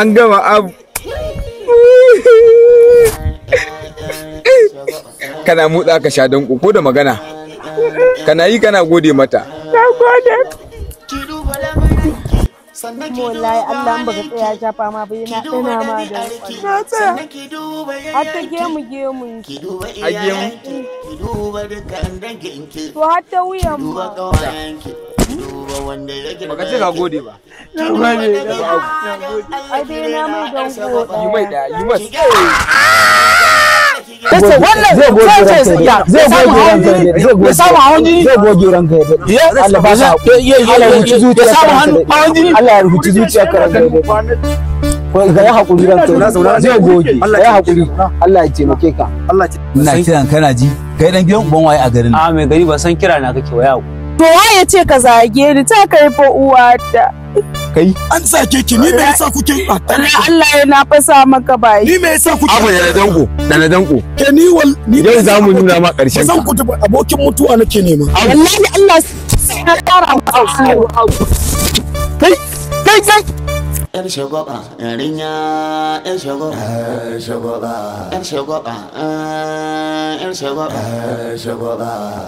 an gama abu kana motsa ka sha danko ko da magana kana yi kana gode mata na gode Allah baka tsaya bai da na a to har ta wanda yake gode ba na gode na don yi mai da yi mai wannan zai goge ranka zai goge ranka ya samu hawan jini zai goge ranka ya Allah ba ya rubuci zuciya ya samu hawan jini Allah ya rubuci zuciya ka ranka ga ya hakuri ranka zai goge ya hakuri Allah ya taimake ka Allah ya ina kiran kana ji kai dan gidan uban waye a garin a ah, mai gari ba san kira na kake waya To waye ce ka zage ni ta kai fa uwa uwata. Kai? An sake ki ni me yasa kuke tsattar? Allah ya na sa maka bai. Ni me yasa kuke? Abu da danko, da danko. Ke ni wal ni Yau za mu nuna ma karshen. san ku abokin mutuwa nake nema. Wallahi Allah ya na kara mu ausu. Kai, kai, kai. yar shagoba yarinya yar shagoba ah, yar shagoba yar shagoba ah, yar shagoba ah,